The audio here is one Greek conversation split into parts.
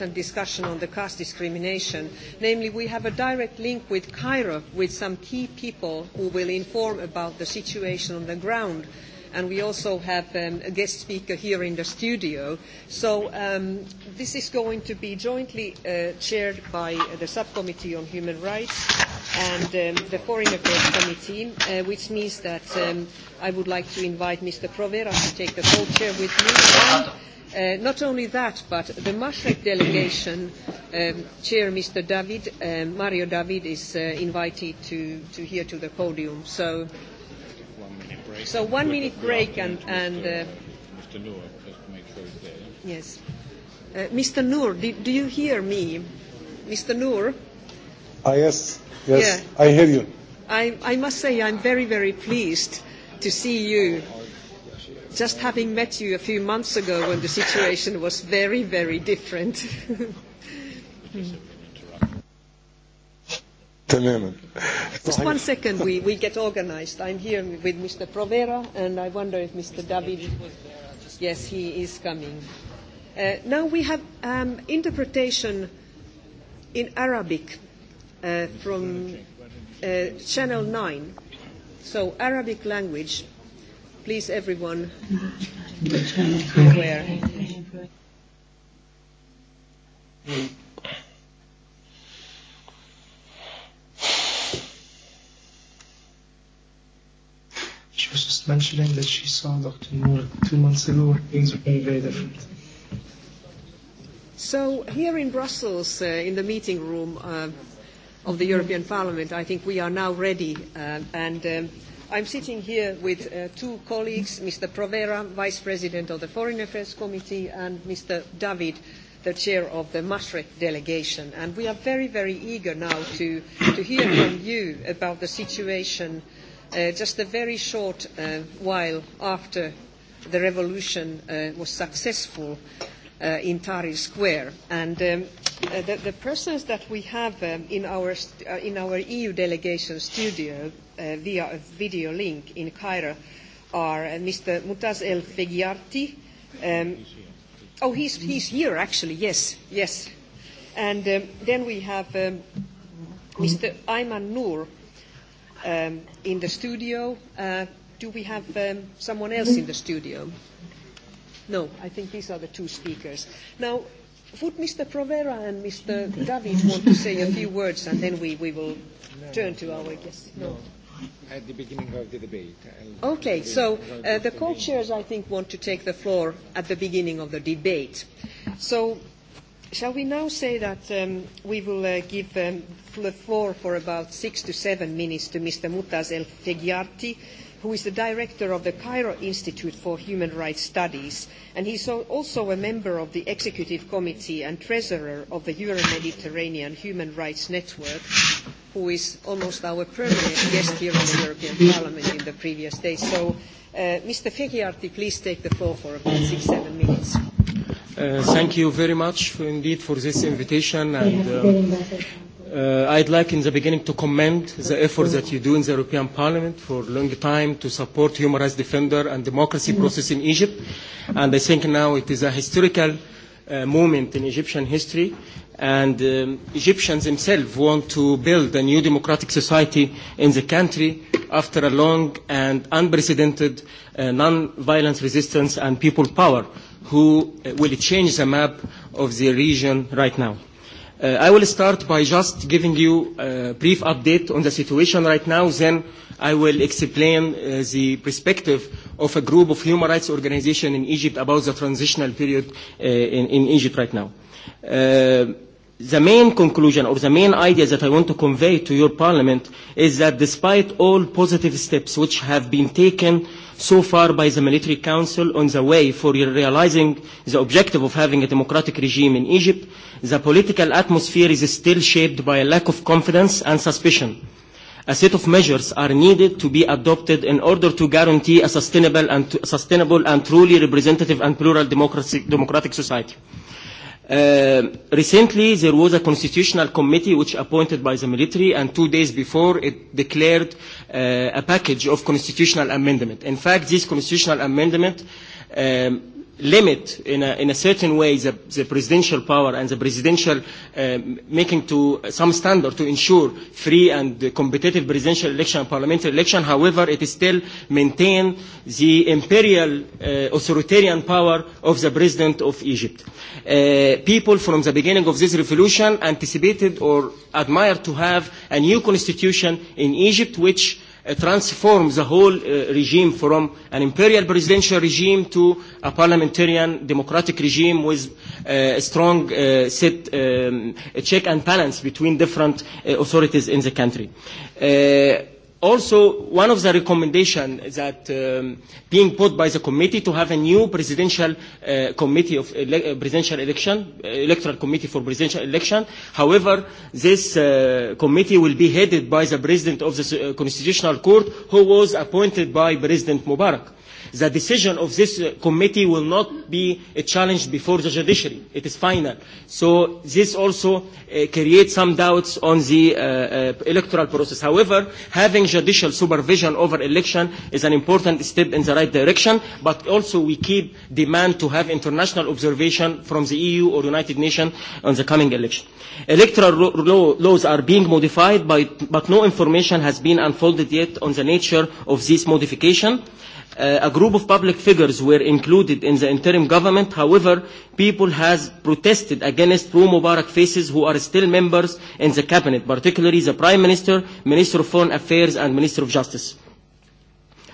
and discussion on the caste discrimination. Namely, we have a direct link with Cairo with some key people who will inform about the situation on the ground. And we also have a guest speaker here in the studio. So this is going to be jointly chaired by the Subcommittee on Human Rights and the Foreign Affairs Committee, which means that I would like to invite Mr. Provera to take the co-chair with me. Not only that, but the Maastricht delegation chair, Mr. David, Mario David, is invited to to here to the podium. So one minute break and Mr. Noor, just to make sure he's there. Yes, Mr. Noor, do you hear me, Mr. Noor? Yes, yes, I hear you. I must say I'm very, very pleased to see you just having met you a few months ago when the situation was very, very different. Just one second, we, we get organized. I'm here with Mr. Provera, and I wonder if Mr. David... Yes, he is coming. now we have um, interpretation in Arabic from Channel 9, so Arabic language Please, everyone, be aware. She was just mentioning that she saw Dr. Moore two months ago things were very, very different. So here in Brussels, in the meeting room of the European Parliament, I think we are now ready and I'm sitting here with two colleagues, Mr. Provera, Vice President of the Foreign Affairs Committee, and Mr. David, the Chair of the Masrek delegation. And we are very, very eager now to hear from you about the situation just a very short while after the revolution was successful in Tahrir Square. And the persons that we have in our EU delegation studio via a video link in Cairo are Mr. Mutaz El Fegiarti. Oh, he's he's here actually. Yes, yes. And then we have Mr. Ayman Noor in the studio. Do we have someone else in the studio? No, I think these are the two speakers. Now, would Mr. Provera and Mr. David want to say a few words, and then we we will turn to our guests? at the beginning of the debate. Okay, so the co-chairs, I think, want to take the floor at the beginning of the debate. So shall we now say that we will give the floor for about six to seven minutes to Mr. Mutaz el tegyarti who is the director of the Cairo Institute for Human Rights Studies, and he is also a member of the Executive Committee and Treasurer of the Euro-Mediterranean Human Rights Network, who is almost our permanent guest here in the European Parliament in the previous days. So, Mr. Feghiarti, please take the floor for about six, seven minutes. Thank you very much indeed for this invitation and I'd like in the beginning to commend the efforts that you do in the European Parliament for a long time to support human rights defender and democracy process in Egypt. And I think now it is a historical moment in Egyptian history. And Egyptians themselves want to build a new democratic society in the country after a long and unprecedented non-violence resistance and people power who will change the map of the region right now. I will start by just giving you a brief update on the situation right now, then I will explain the perspective of a group of human rights organizations in Egypt about the transitional period in Egypt right now the main conclusion or the main idea that I want to convey to your Parliament is that despite all positive steps which have been taken so far by the Military Council on the way for realizing the objective of having a democratic regime in Egypt, the political atmosphere is still shaped by a lack of confidence and suspicion. A set of measures are needed to be adopted in order to guarantee a sustainable and truly representative and plural democratic society. Recently, there was a constitutional committee which appointed by the military, and two days before, it declared a package of constitutional amendment. In fact, this constitutional amendment limit in a certain way the presidential power and the presidential making to some standard to ensure free and competitive presidential election and parliamentary election. However, it still maintain the imperial authoritarian power of the president of Egypt. People from the beginning of this revolution anticipated or admired to have a new constitution in Egypt which transform the whole regime from an imperial presidential regime to a parliamentarian democratic regime with a strong set check and balance between different authorities in the country also one of the recommendations that being put by the committee to have a new presidential committee of presidential election electoral committee for presidential election however this committee will be headed by the president of the constitutional court who was appointed by president mubarak The decision of this committee will not be challenged before the judiciary. It is final. So this also creates some doubts on the electoral process. However, having judicial supervision over election is an important step in the right direction, but also we keep demand to have international observation from the EU or United Nations on the coming election. Electoral laws are being modified, but no information has been unfolded yet on the nature of this modification a group of public figures were included in the interim government. However, people has protested against pro-Mubarak faces who are still members in the cabinet, particularly the Prime Minister, Minister of Foreign Affairs and Minister of Justice.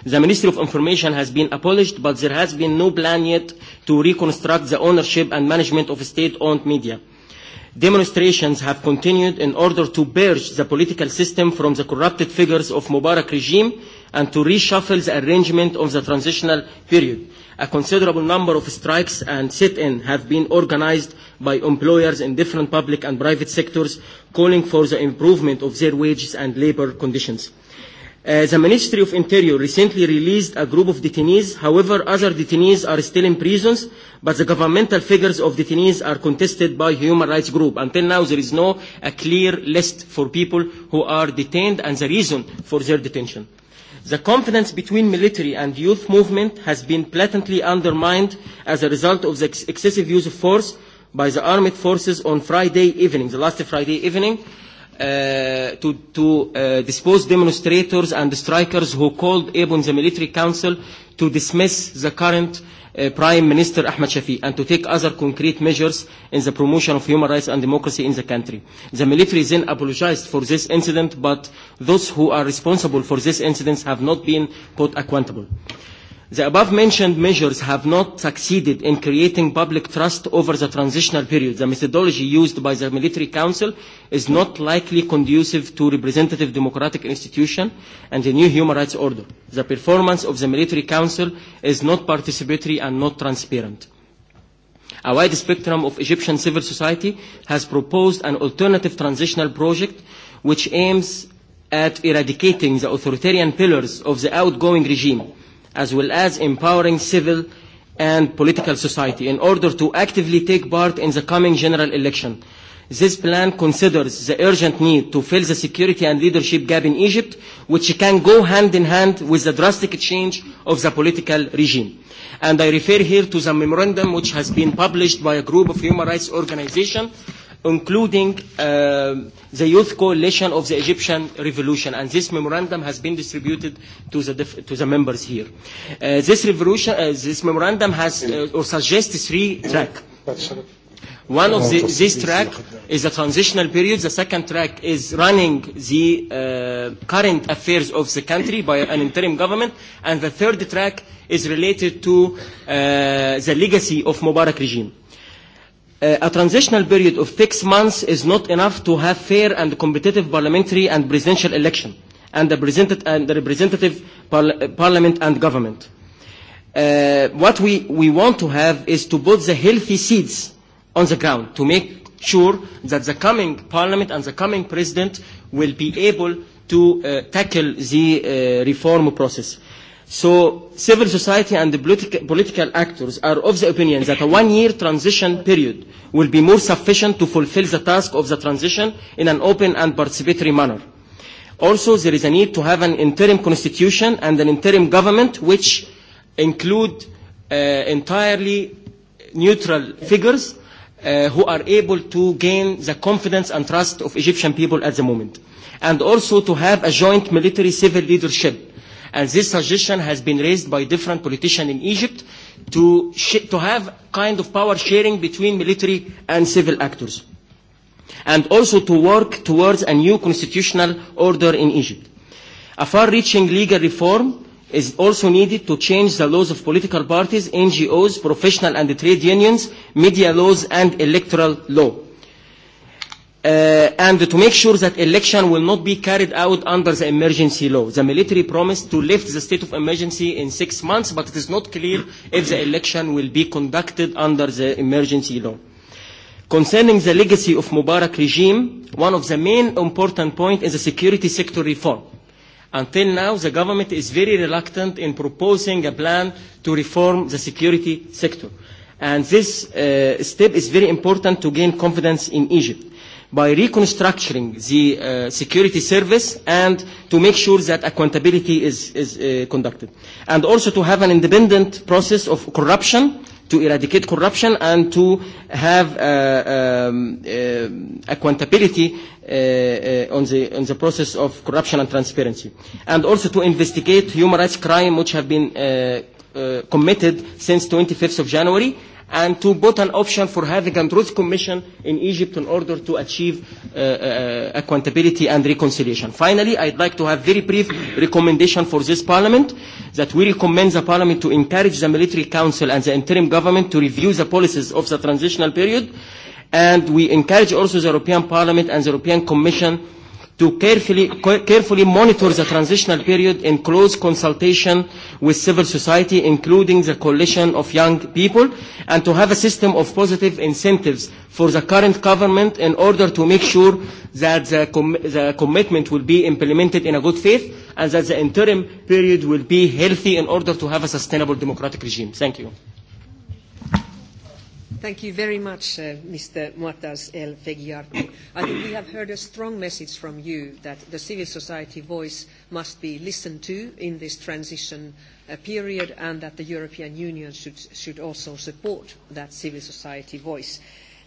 The Ministry of Information has been abolished, but there has been no plan yet to reconstruct the ownership and management of state-owned media. Demonstrations have continued in order to purge the political system from the corrupted figures of Mubarak regime and to reshuffle the arrangement of the transitional period. A considerable number of strikes and sit-in have been organized by employers in different public and private sectors calling for the improvement of their wages and labor conditions. The Ministry of Interior recently released a group of detainees. However, other detainees are still in prisons, but the governmental figures of detainees are contested by human rights groups. Until now, there is no a clear list for people who are detained and the reason for their detention. The confidence between military and youth movement has been blatantly undermined as a result of the excessive use of force by the armed forces on Friday evening, the last Friday evening, to dispose demonstrators and strikers who called upon the military council to dismiss the current Prime Minister Ahmed Shafi and to take other concrete measures in the promotion of human rights and democracy in the country. The military then apologized for this incident, but those who are responsible for this incident have not been put accountable. The above-mentioned measures have not succeeded in creating public trust over the transitional period. The methodology used by the Military Council is not likely conducive to representative democratic institution and the new human rights order. The performance of the Military Council is not participatory and not transparent. A wide spectrum of Egyptian civil society has proposed an alternative transitional project which aims at eradicating the authoritarian pillars of the outgoing regime as well as empowering civil and political society in order to actively take part in the coming general election. This plan considers the urgent need to fill the security and leadership gap in Egypt, which can go hand in hand with the drastic change of the political regime. And I refer here to the memorandum which has been published by a group of human rights organizations including the Youth Coalition of the Egyptian Revolution. And this memorandum has been distributed to the members here. This memorandum has or suggests three tracks. One of this track is the transitional period. The second track is running the current affairs of the country by an interim government. And the third track is related to the legacy of Mubarak regime. A transitional period of six months is not enough to have fair and competitive parliamentary and presidential election and the representative parliament and government. What we want to have is to put the healthy seeds on the ground to make sure that the coming parliament and the coming president will be able to tackle the reform process. So civil society and the political actors are of the opinion that a one-year transition period will be more sufficient to fulfill the task of the transition in an open and participatory manner. Also, there is a need to have an interim constitution and an interim government which include entirely neutral figures who are able to gain the confidence and trust of Egyptian people at the moment. And also to have a joint military-civil leadership And this suggestion has been raised by different politicians in Egypt to have kind of power sharing between military and civil actors. And also to work towards a new constitutional order in Egypt. A far-reaching legal reform is also needed to change the laws of political parties, NGOs, professional and trade unions, media laws and electoral law and to make sure that election will not be carried out under the emergency law. The military promised to lift the state of emergency in six months, but it is not clear if the election will be conducted under the emergency law. Concerning the legacy of Mubarak regime, one of the main important points is the security sector reform. Until now, the government is very reluctant in proposing a plan to reform the security sector. And this step is very important to gain confidence in Egypt by reconstructing the security service and to make sure that accountability is conducted. And also to have an independent process of corruption, to eradicate corruption and to have accountability on the process of corruption and transparency. And also to investigate human rights crime which have been committed since 25th of January and to put an option for having a truth commission in Egypt in order to achieve accountability and reconciliation. Finally, I'd like to have very brief recommendation for this Parliament that we recommend the Parliament to encourage the Military Council and the interim government to review the policies of the transitional period, and we encourage also the European Parliament and the European Commission to carefully monitor the transitional period in close consultation with civil society, including the coalition of young people, and to have a system of positive incentives for the current government in order to make sure that the commitment will be implemented in a good faith and that the interim period will be healthy in order to have a sustainable democratic regime. Thank you. Thank you very much, Mr. Muattas El I think we have heard a strong message from you that the civil society voice must be listened to in this transition period and that the European Union should should also support that civil society voice.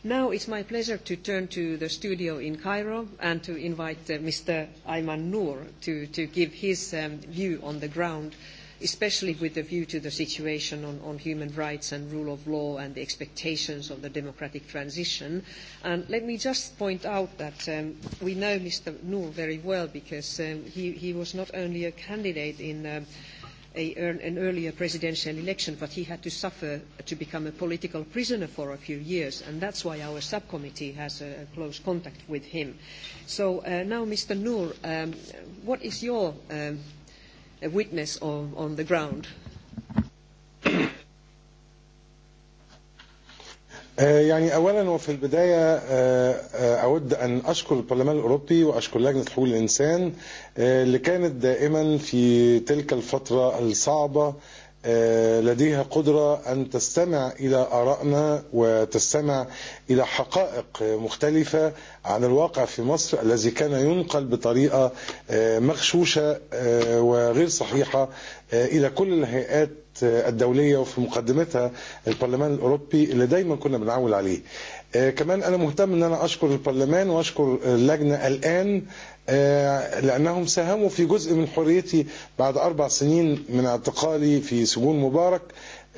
Now it's my pleasure to turn to the studio in Cairo and to invite Mr. Ayman Noor to give his view on the ground especially with a view to the situation on human rights and rule of law and the expectations of the democratic transition. And let me just point out that we know Mr. Noor very well because he was not only a candidate in an earlier presidential election, but he had to suffer to become a political prisoner for a few years, and that's why our subcommittee has a close contact with him. So now, Mr. Noor, what is your a witness on the ground. يعني اولا وفي البدايه اود ان اشكر البرلمان الاوروبي واشكر لجنه حقوق الانسان اللي كانت دائما في تلك الفتره الصعبه لديها قدرة أن تستمع إلى آرائنا وتستمع إلى حقائق مختلفة عن الواقع في مصر الذي كان ينقل بطريقة مغشوشة وغير صحيحة إلى كل الهيئات الدولية وفي مقدمتها البرلمان الأوروبي اللي دايما كنا بنعول عليه كمان أنا مهتم أن أنا أشكر البرلمان وأشكر اللجنة الآن لأنهم ساهموا في جزء من حريتي بعد أربع سنين من اعتقالي في سجون مبارك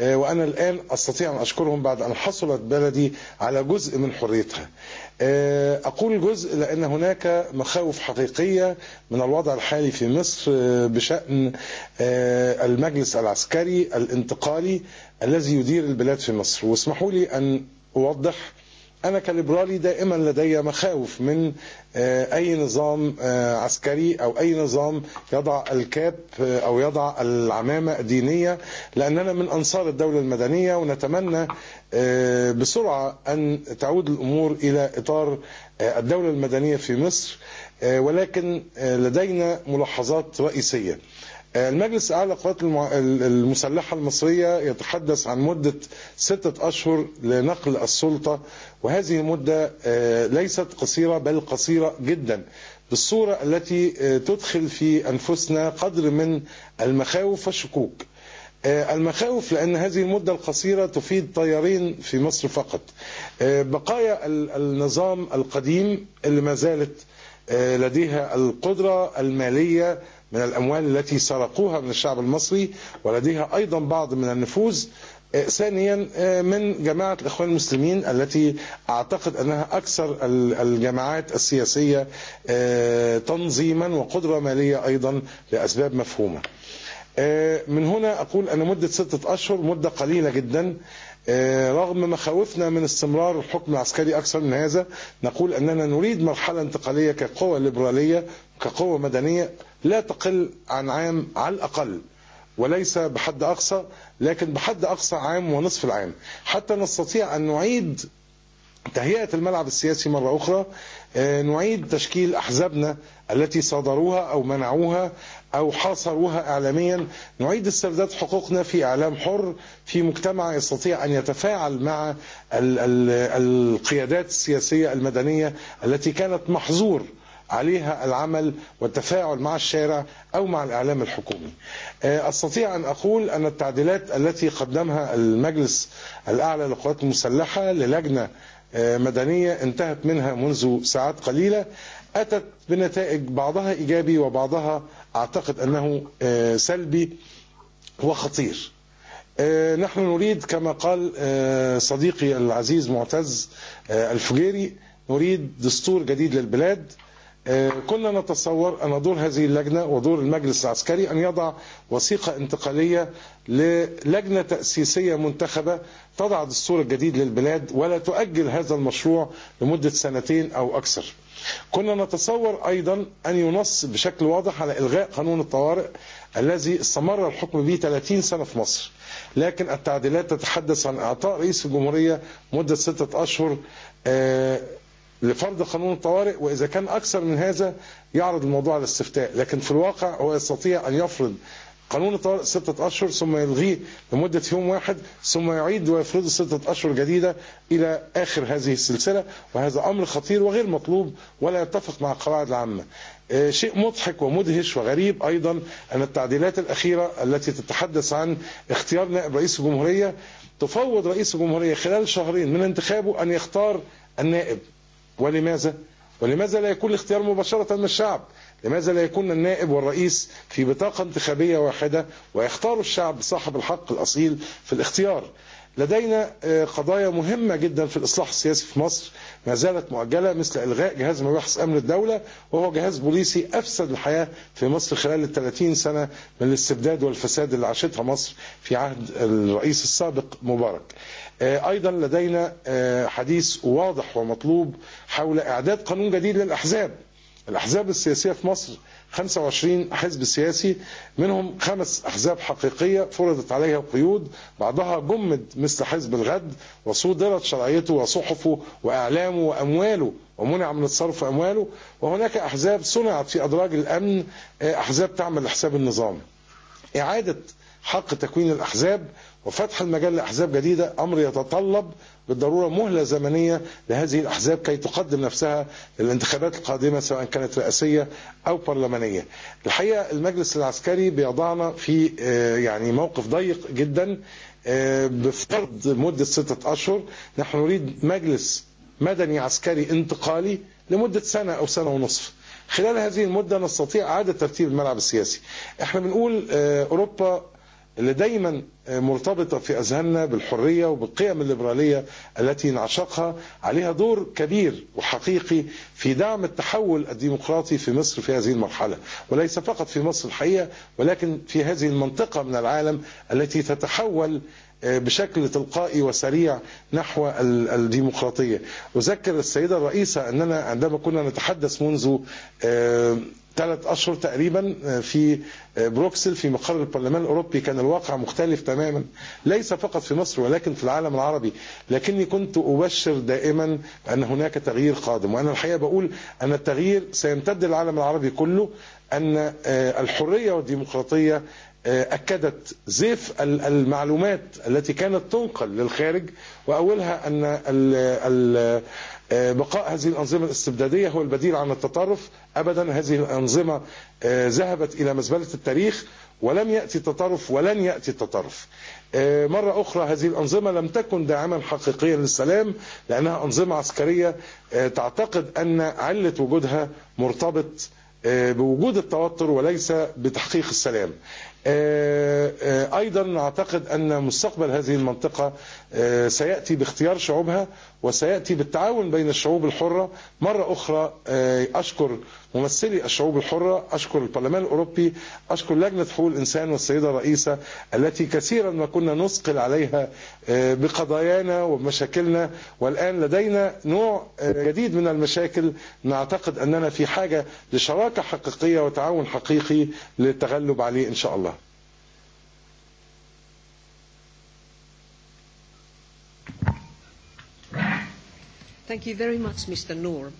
وأنا الآن أستطيع أن أشكرهم بعد أن حصلت بلدي على جزء من حريتها أقول جزء لأن هناك مخاوف حقيقية من الوضع الحالي في مصر بشأن المجلس العسكري الانتقالي الذي يدير البلاد في مصر واسمحوا لي أن أوضح أنا كليبرالي دائما لدي مخاوف من أي نظام عسكري أو أي نظام يضع الكاب أو يضع العمامة الدينية لأننا من أنصار الدولة المدنية ونتمنى بسرعة أن تعود الأمور إلى إطار الدولة المدنية في مصر ولكن لدينا ملاحظات رئيسية المجلس الأعلى للقوات المسلحه المصريه يتحدث عن مده سته أشهر لنقل السلطه وهذه المده ليست قصيره بل قصيره جدا بالصوره التي تدخل في أنفسنا قدر من المخاوف والشكوك المخاوف لأن هذه المده القصيره تفيد طيارين في مصر فقط بقايا النظام القديم اللي ما زالت لديها القدره الماليه من الأموال التي سرقوها من الشعب المصري ولديها أيضا بعض من النفوذ ثانيا من جماعة الإخوان المسلمين التي أعتقد أنها أكثر الجماعات السياسية تنظيما وقدرة مالية أيضا لأسباب مفهومة من هنا أقول أن مدة ستة أشهر مدة قليلة جدا رغم مخاوفنا من استمرار الحكم العسكري أكثر من هذا نقول أننا نريد مرحلة انتقالية كقوة ليبرالية كقوة مدنية لا تقل عن عام على الأقل وليس بحد أقصى لكن بحد أقصى عام ونصف العام حتى نستطيع أن نعيد تهيئة الملعب السياسي مرة أخرى نعيد تشكيل أحزابنا التي صادروها أو منعوها أو حاصروها إعلاميا نعيد استرداد حقوقنا في إعلام حر في مجتمع يستطيع أن يتفاعل مع القيادات السياسية المدنية التي كانت محظور عليها العمل والتفاعل مع الشارع أو مع الإعلام الحكومي أستطيع أن أقول أن التعديلات التي قدمها المجلس الأعلى للقوات المسلحة للجنة مدنية انتهت منها منذ ساعات قليلة أتت بنتائج بعضها إيجابي وبعضها أعتقد أنه سلبي وخطير نحن نريد كما قال صديقي العزيز معتز الفجيري نريد دستور جديد للبلاد كنا نتصور أن دور هذه اللجنة ودور المجلس العسكري أن يضع وثيقة انتقالية للجنة تأسيسية منتخبة تضع دستور الجديد للبلاد ولا تؤجل هذا المشروع لمدة سنتين أو أكثر كنا نتصور أيضا أن ينص بشكل واضح على إلغاء قانون الطوارئ الذي استمر الحكم به 30 سنة في مصر لكن التعديلات تتحدث عن إعطاء رئيس الجمهورية مدة ستة أشهر لفرض قانون الطوارئ واذا كان اكثر من هذا يعرض الموضوع للاستفتاء لكن في الواقع هو يستطيع ان يفرض قانون الطوارئ ستة أشهر ثم يلغيه لمدة يوم واحد ثم يعيد ويفرض ستة أشهر جديدة إلى آخر هذه السلسلة وهذا أمر خطير وغير مطلوب ولا يتفق مع القواعد العامة شيء مضحك ومدهش وغريب أيضا أن التعديلات الأخيرة التي تتحدث عن اختيار نائب رئيس الجمهورية تفوض رئيس الجمهورية خلال شهرين من انتخابه أن يختار النائب ولماذا؟ ولماذا لا يكون الاختيار مباشرة من الشعب؟ لماذا لا يكون النائب والرئيس في بطاقة انتخابية واحدة ويختار الشعب صاحب الحق الأصيل في الاختيار؟ لدينا قضايا مهمة جدا في الإصلاح السياسي في مصر ما زالت مؤجلة مثل إلغاء جهاز مباحث أمن الدولة وهو جهاز بوليسي أفسد الحياة في مصر خلال ال 30 سنة من الاستبداد والفساد اللي عاشتها مصر في عهد الرئيس السابق مبارك. أيضا لدينا حديث واضح ومطلوب حول إعداد قانون جديد للأحزاب. الأحزاب السياسية في مصر 25 حزب سياسي منهم خمس أحزاب حقيقية فرضت عليها قيود بعضها جمد مثل حزب الغد وصدرت شرعيته وصحفه وإعلامه وأمواله ومنع من الصرف أمواله وهناك أحزاب صنعت في أدراج الأمن أحزاب تعمل لحساب النظام إعادة حق تكوين الأحزاب وفتح المجال لأحزاب جديدة أمر يتطلب بالضرورة مهلة زمنية لهذه الأحزاب كي تقدم نفسها للانتخابات القادمة سواء كانت رئاسية أو برلمانية الحقيقة المجلس العسكري بيضعنا في يعني موقف ضيق جدا بفرض مدة ستة أشهر نحن نريد مجلس مدني عسكري انتقالي لمدة سنة أو سنة ونصف خلال هذه المدة نستطيع اعاده ترتيب الملعب السياسي احنا بنقول أوروبا اللي دايما مرتبطة في أذهاننا بالحرية وبالقيم الليبرالية التي نعشقها عليها دور كبير وحقيقي في دعم التحول الديمقراطي في مصر في هذه المرحلة وليس فقط في مصر الحقيقة ولكن في هذه المنطقة من العالم التي تتحول بشكل تلقائي وسريع نحو الديمقراطية أذكر السيدة الرئيسة أننا عندما كنا نتحدث منذ ثلاث أشهر تقريبا في بروكسل في مقر البرلمان الأوروبي كان الواقع مختلف تماما ليس فقط في مصر ولكن في العالم العربي لكني كنت أبشر دائما أن هناك تغيير قادم وأنا الحقيقة بقول أن التغيير سيمتد العالم العربي كله أن الحرية والديمقراطية أكدت زيف المعلومات التي كانت تنقل للخارج وأولها أن بقاء هذه الأنظمة الاستبدادية هو البديل عن التطرف أبدا هذه الأنظمة ذهبت إلى مزبلة التاريخ ولم يأتي التطرف ولن يأتي التطرف مرة أخرى هذه الأنظمة لم تكن داعما حقيقيا للسلام لأنها أنظمة عسكرية تعتقد أن علة وجودها مرتبط بوجود التوتر وليس بتحقيق السلام أيضا نعتقد أن مستقبل هذه المنطقه سيأتي باختيار شعوبها وسيأتي بالتعاون بين الشعوب الحرة مرة أخرى أشكر ممثلي الشعوب الحرة أشكر البرلمان الأوروبي أشكر لجنة حقوق الإنسان والسيدة الرئيسة التي كثيرا ما كنا نثقل عليها بقضايانا ومشاكلنا والآن لدينا نوع جديد من المشاكل نعتقد أننا في حاجة لشراكة حقيقية وتعاون حقيقي للتغلب عليه إن شاء الله Thank you very much, Mr. Noor.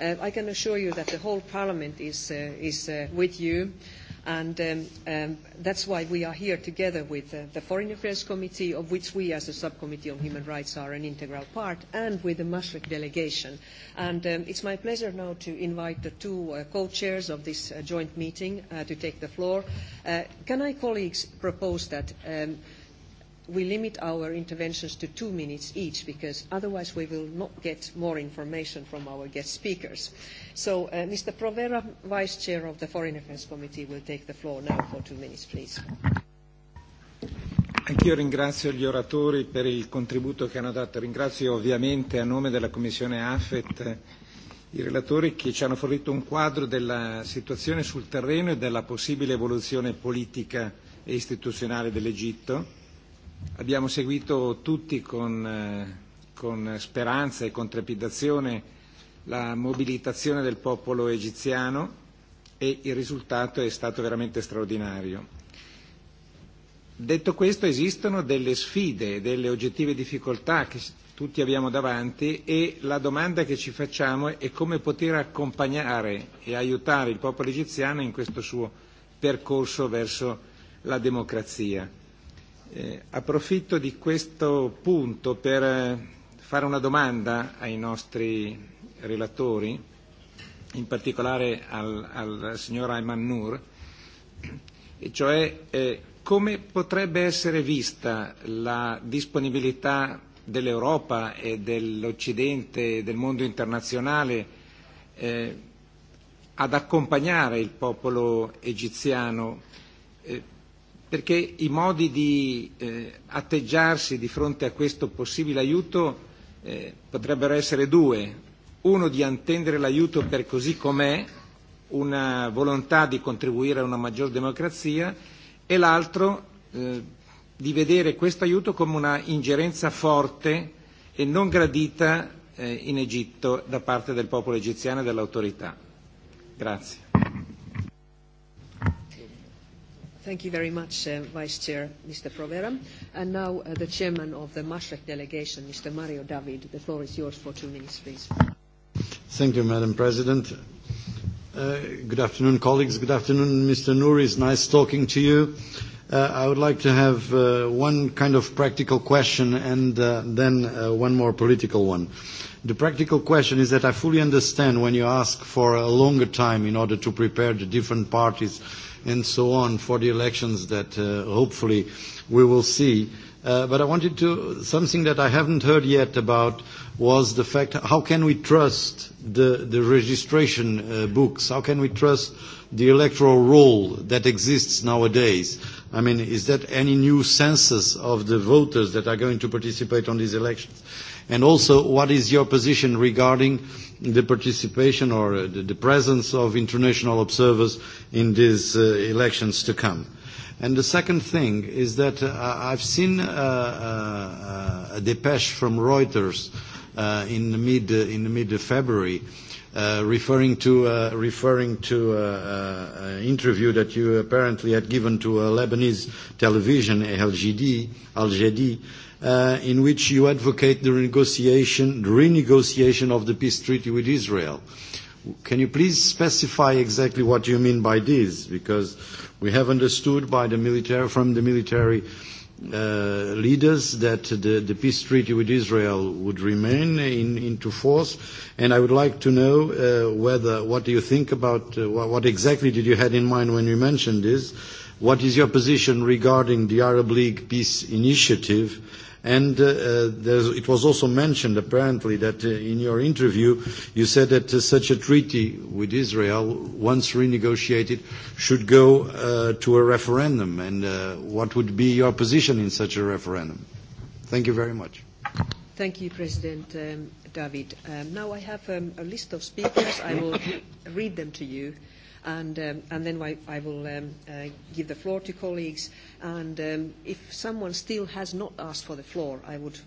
I can assure you that the whole Parliament is with you, and that's why we are here together with the Foreign Affairs Committee, of which we as a Subcommittee on Human Rights are an integral part, and with the Maastricht delegation. And it's my pleasure now to invite the two co-chairs of this joint meeting to take the floor. Can I, colleagues, propose that we limit our interventions to two minutes each because otherwise we will not get more information from our guest speakers. So Mr. Provera, Vice Chair of the Foreign Affairs Committee, will take the floor now for two minutes, please. Anch'io ringrazio gli oratori per il contributo che hanno dato. Ringrazio ovviamente a nome della Commissione AFET i relatori che ci hanno fornito un quadro della situazione sul terreno e della possibile evoluzione politica e istituzionale dell'Egitto abbiamo seguito tutti con con speranza e con trepidazione la mobilitazione del popolo egiziano e il risultato è stato veramente straordinario. Detto questo esistono delle sfide, delle oggettive difficoltà che tutti abbiamo davanti e la domanda che ci facciamo è come poter accompagnare e aiutare il popolo egiziano in questo suo percorso verso la democrazia. Approfitto di questo punto per fare una domanda ai nostri relatori, in particolare al signor Ayman Nur, e cioè come potrebbe essere vista la disponibilità dell'Europa e dell'Occidente e del mondo internazionale ad accompagnare il popolo egiziano perché i modi di atteggiarsi di fronte a questo possibile aiuto potrebbero essere due. Uno di attendere l'aiuto per così com'è, una volontà di contribuire a una maggior democrazia e l'altro di vedere questo aiuto come una ingerenza forte e non gradita in Egitto da parte del popolo egiziano e dell'autorità. Grazie. Thank you very much, Vice Chair, Mr. Provera. And now the Chairman of the Maastricht delegation, Mr. Mario David. The floor is yours for two minutes, please. Thank you, Madam President. Good afternoon, colleagues. Good afternoon, Mr. Nouri. It's nice talking to you. I would like to have one kind of practical question and then one more political one. The practical question is that I fully understand when you ask for a longer time in order to prepare the different parties and so on for the elections that hopefully we will see. But I wanted to something that I haven't heard yet about was the fact how can we trust the the registration books? How can we trust the electoral roll that exists nowadays? I mean, is that any new census of the voters that are going to participate on these elections? And also, what is your position regarding the participation or the presence of international observers in these elections to come? And the second thing is that I've seen a depeche from Reuters in mid-February referring to referring to an interview that you apparently had given to a Lebanese television, LGD, Al uh in which you advocate the renegotiation, the renegotiation of the peace treaty with Israel. Can you please specify exactly what you mean by this? Because we have understood by the military, from the military leaders that the peace treaty with Israel would remain into force. And I would like to know whether, what do you think about, what exactly did you had in mind when you mentioned this? What is your position regarding the Arab League peace initiative? And it was also mentioned apparently that in your interview you said that such a treaty with Israel, once renegotiated, should go to a referendum. And what would be your position in such a referendum? Thank you very much. Thank you, President David. Now I have a list of speakers. I will read them to you and and then I will give the floor to colleagues. And if someone still has not asked for the floor, I would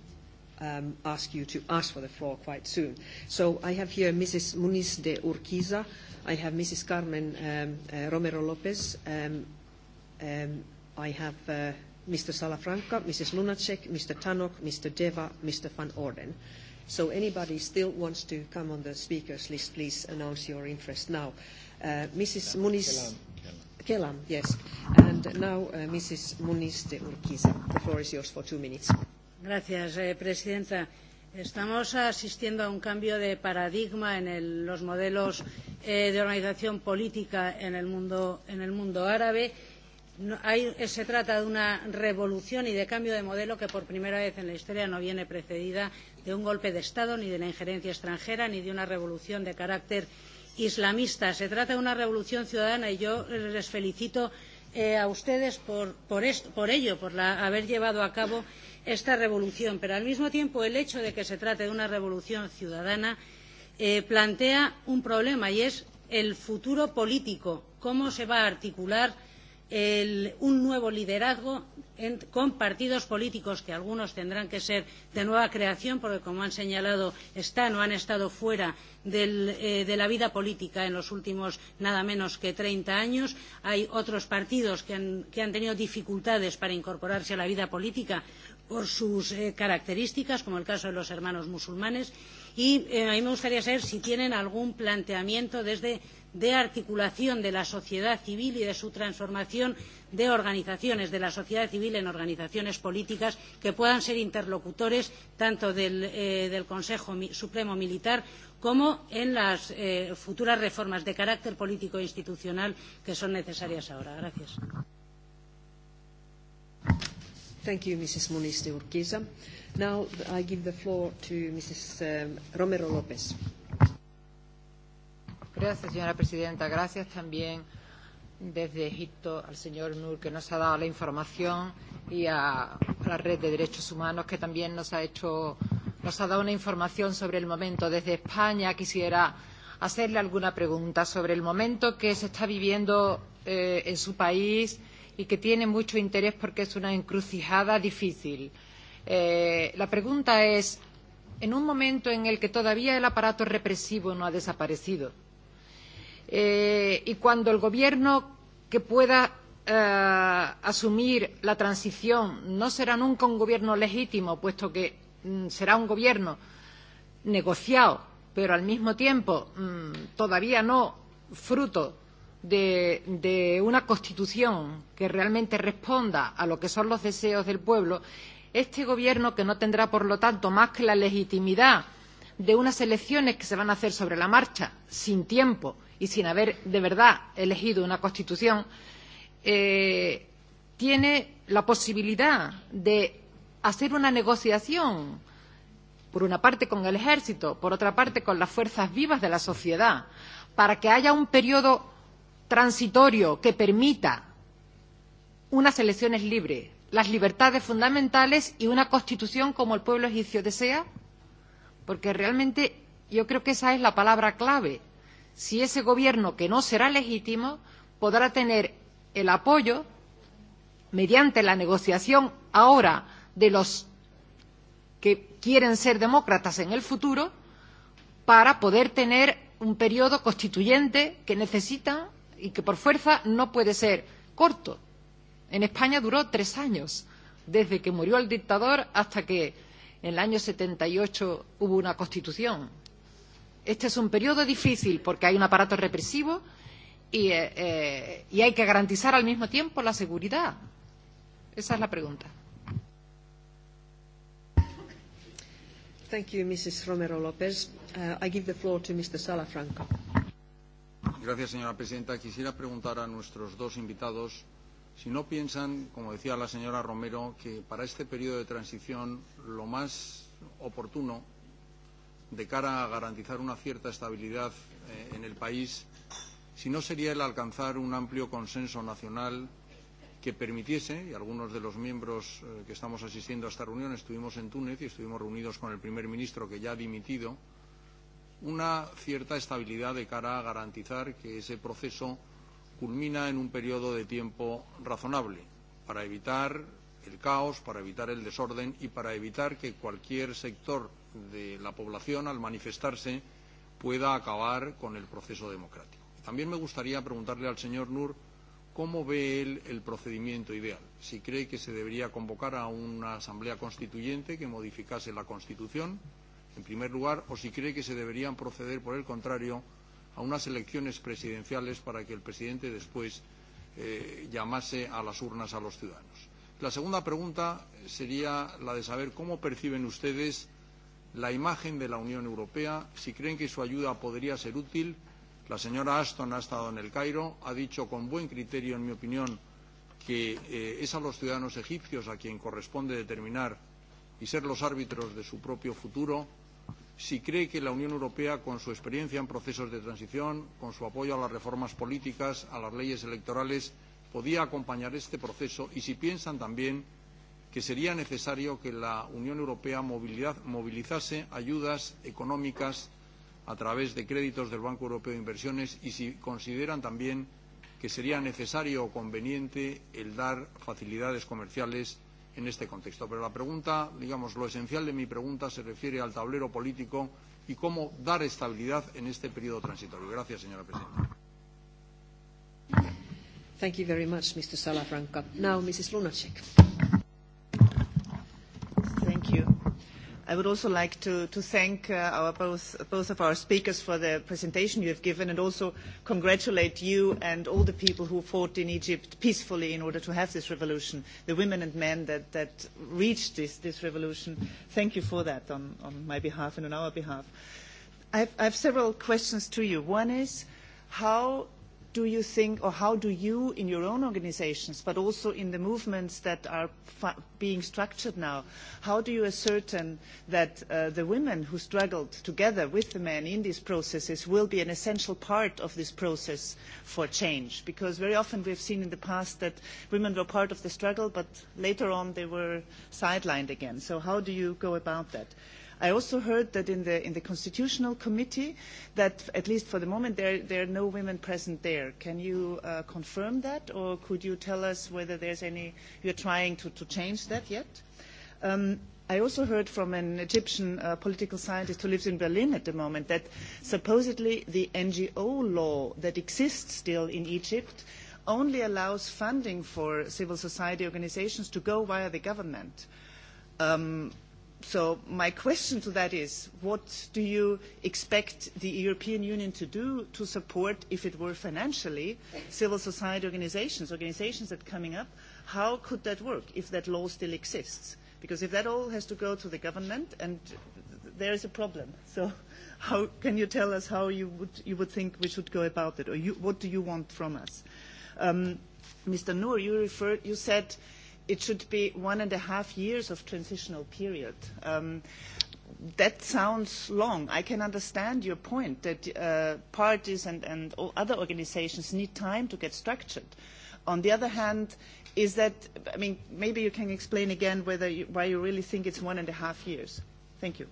ask you to ask for the floor quite soon. So I have here Mrs. Muniz de Urquiza, I have Mrs. Carmen Romero Lopez, um um I have Mr. Salafranca, Mrs. Lunacek, Mr. Tanok, Mr. Deva, Mr. Van Orden. So anybody still wants to come on the speakers list, please announce your interest now. Señora Presidenta. Estamos asistiendo a un cambio de paradigma en los modelos de organización política en el mundo, en el mundo árabe. Se trata de una revolución y de cambio de modelo que por primera vez en la historia no viene precedida de un golpe de Estado, ni de la injerencia extranjera, ni de una revolución de carácter islamista. Se trata de una revolución ciudadana y yo les felicito a ustedes por ello, por haber llevado a cabo esta revolución. Pero al mismo tiempo el hecho de que se trate de una revolución ciudadana plantea un problema y es el futuro político. ¿Cómo se va a articular un nuevo liderazgo con partidos políticos que algunos tendrán que ser de nueva creación porque, como han señalado, están o han estado fuera de la vida política en los últimos nada menos que 30 años. Hay otros partidos que han tenido dificultades para incorporarse a la vida política por sus características, como el caso de los hermanos musulmanes, y a mí me gustaría saber si tienen algún planteamiento desde de articulación de la sociedad civil y de su transformación de organizaciones de la sociedad civil en organizaciones políticas que puedan ser interlocutores tanto del Consejo Supremo Militar como en las futuras reformas de carácter político e institucional que son necesarias ahora. Gracias. Thank you, Mrs. de Now I give the floor to Mrs. Romero López. Gracias, señora presidenta. Gracias también desde Egipto al señor Nur, que nos ha dado la información, y a la Red de Derechos Humanos, que también nos ha, hecho, nos ha dado una información sobre el momento. Desde España quisiera hacerle alguna pregunta sobre el momento que se está viviendo en su país y que tiene mucho interés porque es una encrucijada difícil. La pregunta es, en un momento en el que todavía el aparato represivo no ha desaparecido y cuando el gobierno que pueda asumir la transición no será nunca un gobierno legítimo, puesto que será un gobierno negociado, pero al mismo tiempo todavía no fruto de una Constitución que realmente responda a lo que son los deseos del pueblo, este Gobierno, que no tendrá, por lo tanto, más que la legitimidad de unas elecciones que se van a hacer sobre la marcha, sin tiempo y sin haber de verdad elegido una Constitución, tiene la posibilidad de hacer una negociación, por una parte con el ejército, por otra parte con las fuerzas vivas de la sociedad, para que haya un periodo transitorio que permita unas elecciones libres, las libertades fundamentales y una constitución como el pueblo egipcio desea? Porque realmente yo creo que esa es la palabra clave. Si ese gobierno, que no será legítimo, podrá tener el apoyo mediante la negociación ahora de los que quieren ser demócratas en el futuro, para poder tener un periodo constituyente que necesitan y que por fuerza no puede ser corto. En España duró tres años, desde que murió el dictador hasta que en el año 78 hubo una constitución. Este es un periodo difícil porque hay un aparato represivo y hay que garantizar al mismo tiempo la seguridad. Esa es la pregunta. Thank you, Mrs. Romero Lopez. I give the floor to Mr. Gracias, señora presidenta. Quisiera preguntar a nuestros dos invitados si no piensan, como decía la señora Romero, que para este periodo de transición lo más oportuno de cara a garantizar una cierta estabilidad en el país, si no sería el alcanzar un amplio consenso nacional que permitiese, y algunos de los miembros que estamos asistiendo a esta reunión estuvimos en Túnez y estuvimos reunidos con el primer ministro que ya ha dimitido, una cierta estabilidad de cara a garantizar que ese proceso culmina en un periodo de tiempo razonable para evitar el caos, para evitar el desorden y para evitar que cualquier sector de la población, al manifestarse, pueda acabar con el proceso democrático. También me gustaría preguntarle al señor Nur cómo ve él el procedimiento ideal, si cree que se debería convocar a una asamblea constituyente que modificase la Constitución, en primer lugar, o si cree que se deberían proceder, por el contrario, a unas elecciones presidenciales para que el presidente después llamase a las urnas a los ciudadanos. La segunda pregunta sería la de saber cómo perciben ustedes la imagen de la Unión Europea, si creen que su ayuda podría ser útil. La señora Ashton ha estado en el Cairo, ha dicho con buen criterio, en mi opinión, que es a los ciudadanos egipcios a quien corresponde determinar y ser los árbitros de su propio futuro si cree que la Unión Europea, con su experiencia en procesos de transición, con su apoyo a las reformas políticas, a las leyes electorales, podía acompañar este proceso y si piensan también que sería necesario que la Unión Europea movilizase ayudas económicas a través de créditos del Banco Europeo de Inversiones y si consideran también que sería necesario o conveniente el dar facilidades comerciales en este contexto. Pero la pregunta, digamos, lo esencial de mi pregunta se refiere al tablero político y cómo dar estabilidad en este periodo transitorio. Gracias, señora presidenta. Thank I would also like to thank both of our speakers for the presentation you have given and also congratulate you and all the people who fought in Egypt peacefully in order to have this revolution, the women and men that reached this revolution. Thank you for that on my behalf and on our behalf. I have several questions to you. One is how do you think or how do you in your own organisations but also in the movements that are being structured now how do you ascertain that the women who struggled together with the men in these processes will be an essential part of this process for change because very often we have seen in the past that women were part of the struggle but later on they were sidelined again so how do you go about that I also heard that in the in the Constitutional Committee, that at least for the moment there there are no women present there. Can you confirm that, or could you tell us whether there's any you're trying to to change that yet? I also heard from an Egyptian political scientist who lives in Berlin at the moment that supposedly the NGO law that exists still in Egypt only allows funding for civil society organizations to go via the government. So my question to that is, what do you expect the European Union to do to support, if it were financially, civil society organisations, organisations that are coming up? How could that work if that law still exists? Because if that all has to go to the government, and there is a problem. So how can you tell us how you would, you would think we should go about it? Or what do you want from us? Mr. Noor, you referred, you said it should be one and a half years of transitional period. That sounds long. I can understand your point that parties and other organizations need time to get structured. On the other hand, is that, I mean, maybe you can explain again whether why you really think it's one and a half years. Thank you.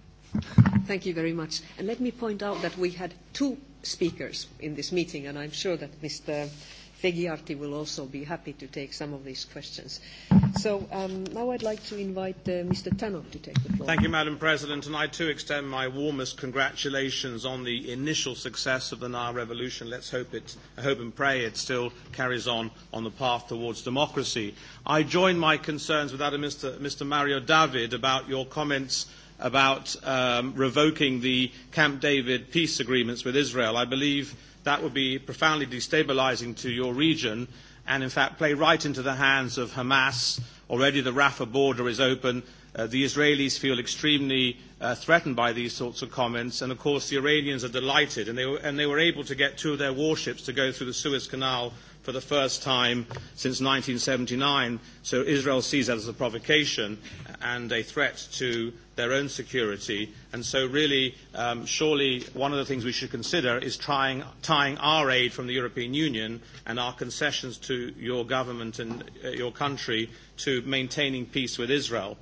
Thank you very much. And let me point out that we had two speakers in this meeting, and I'm sure that Mr. Fegiarti will also be happy to take some of these questions. So now I'd like to invite Mr. Tannock to take the floor. Thank you, Madam President, and I too extend my warmest congratulations on the initial success of the Nile Revolution. Let's hope it, I hope and pray it still carries on on the path towards democracy. I join my concerns with that of Mr. Mario David about your comments about revoking the Camp David peace agreements with Israel. I believe that would be profoundly destabilising to your region and in fact play right into the hands of Hamas. Already the Rafah border is open. The Israelis feel extremely threatened by these sorts of comments, and of course the Iranians are delighted, and they were able to get two of their warships to go through the Suez Canal for the first time since 1979. So Israel sees that as a provocation and a threat to their own security. And so really, surely one of the things we should consider is tying our aid from the European Union and our concessions to your government and your country to maintaining peace with Israel.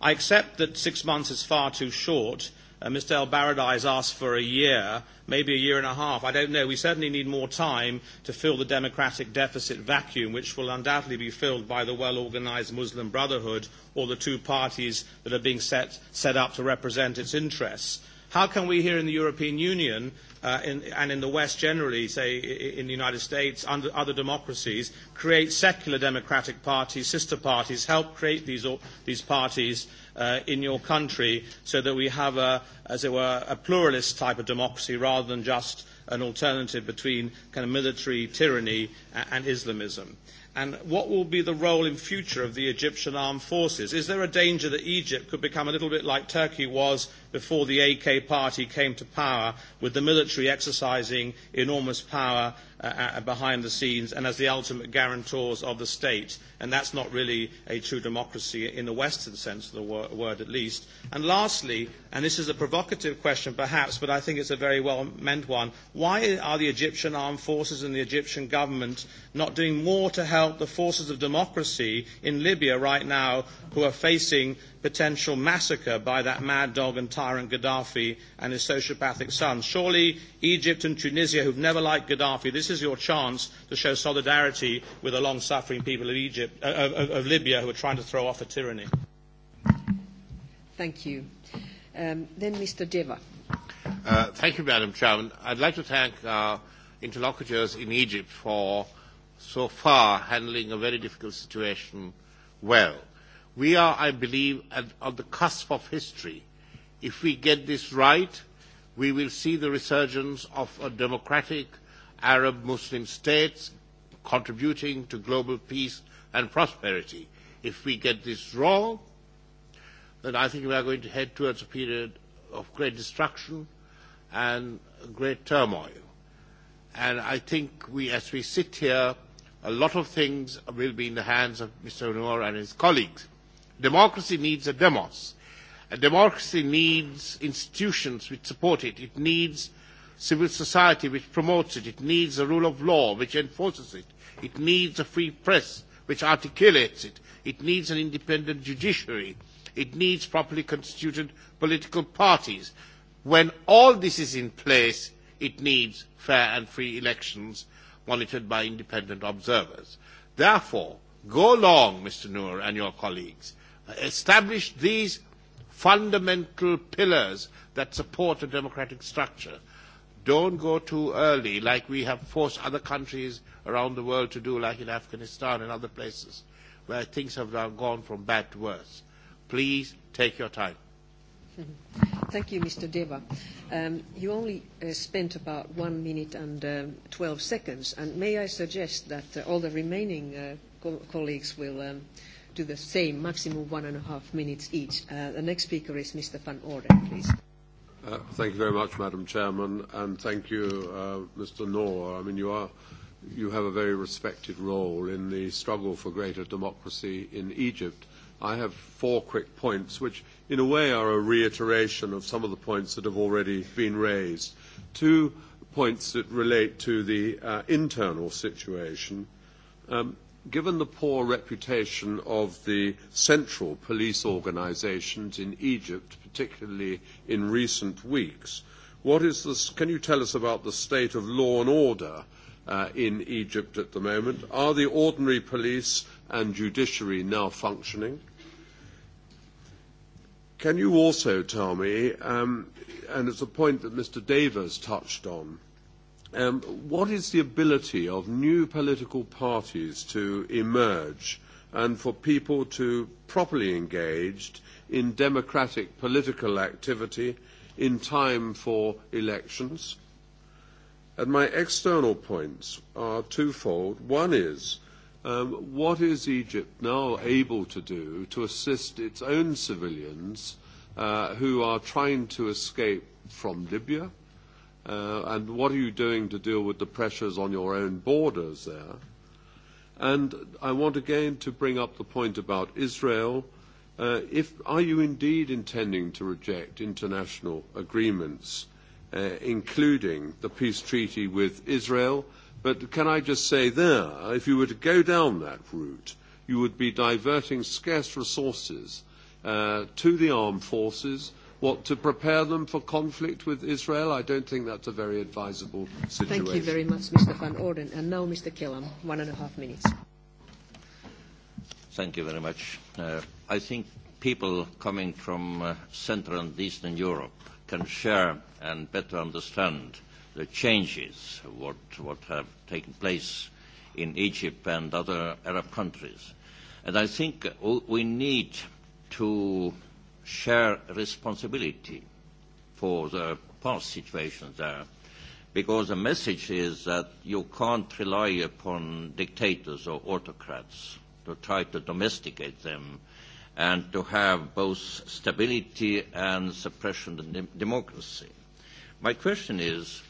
I accept that six months is far too short Mr El Baradei asked for a year, maybe a year and a half. I don't know. We certainly need more time to fill the democratic deficit vacuum, which will undoubtedly be filled by the well-organised Muslim Brotherhood or the two parties that are being set up to represent its interests. How can we here in the European Union and in the West generally, say in the United States, under other democracies, create secular democratic parties, sister parties, help create these these parties in your country so that we have, as it were, a pluralist type of democracy rather than just an alternative between kind of military tyranny and Islamism. And what will be the role in future of the Egyptian armed forces? Is there a danger that Egypt could become a little bit like Turkey was before the AK party came to power, with the military exercising enormous power behind the scenes and as the ultimate guarantors of the state. And that's not really a true democracy in the Western sense of the word, at least. And lastly, and this is a provocative question perhaps, but I think it's a very well-meant one, why are the Egyptian armed forces and the Egyptian government not doing more to help the forces of democracy in Libya right now who are facing potential massacre by that mad dog and tyrant Gaddafi and his sociopathic son. Surely Egypt and Tunisia, who've never liked Gaddafi, this is your chance to show solidarity with the long-suffering people of Egypt, of Libya, who are trying to throw off a tyranny. Thank you. Then Mr. Deva. Thank you, Madam Chairman. I'd like to thank our interlocutors in Egypt for so far handling a very difficult situation well. We are, I believe, on the cusp of history. If we get this right, we will see the resurgence of a democratic Arab Muslim states contributing to global peace and prosperity. If we get this wrong, then I think we are going to head towards a period of great destruction and great turmoil. And I think we, as we sit here, a lot of things will be in the hands of Mr. Noor and his colleagues Democracy needs a demos. A democracy needs institutions which support it. It needs civil society which promotes it. It needs a rule of law which enforces it. It needs a free press which articulates it. It needs an independent judiciary. It needs properly constituted political parties. When all this is in place, it needs fair and free elections monitored by independent observers. Therefore, go along, Mr. Noor and your colleagues Establish these fundamental pillars that support a democratic structure. Don't go too early like we have forced other countries around the world to do like in Afghanistan and other places where things have now gone from bad to worse. Please take your time. Thank you, Mr. Deva. You only spent about one minute and 12 seconds, and may I suggest that all the remaining colleagues will to the same, maximum one and a half minutes each. The next speaker is Mr. Van Orden, please. Thank you very much, Madam Chairman, and thank you, Mr. Noor. I mean, you are you have a very respected role in the struggle for greater democracy in Egypt. I have four quick points, which in a way are a reiteration of some of the points that have already been raised. Two points that relate to the internal situation given the poor reputation of the central police organisations in Egypt, particularly in recent weeks, what is can you tell us about the state of law and order in Egypt at the moment? Are the ordinary police and judiciary now functioning? Can you also tell me, and it's a point that Mr. Davis touched on, What is the ability of new political parties to emerge and for people to properly engage in democratic political activity in time for elections? And my external points are twofold. One is, what is Egypt now able to do to assist its own civilians who are trying to escape from Libya? and what are you doing to deal with the pressures on your own borders there? And I want again to bring up the point about Israel. If Are you indeed intending to reject international agreements, including the peace treaty with Israel? But can I just say there, if you were to go down that route, you would be diverting scarce resources to the armed forces What, to prepare them for conflict with Israel? I don't think that's a very advisable situation. Thank you very much, Mr. Van Orden. And now, Mr. Kellam, one and a half minutes. Thank you very much. I think people coming from Central and Eastern Europe can share and better understand the changes what what have taken place in Egypt and other Arab countries. And I think we need to share responsibility for the past situation there, because the message is that you can't rely upon dictators or autocrats to try to domesticate them and to have both stability and suppression and democracy. My question is,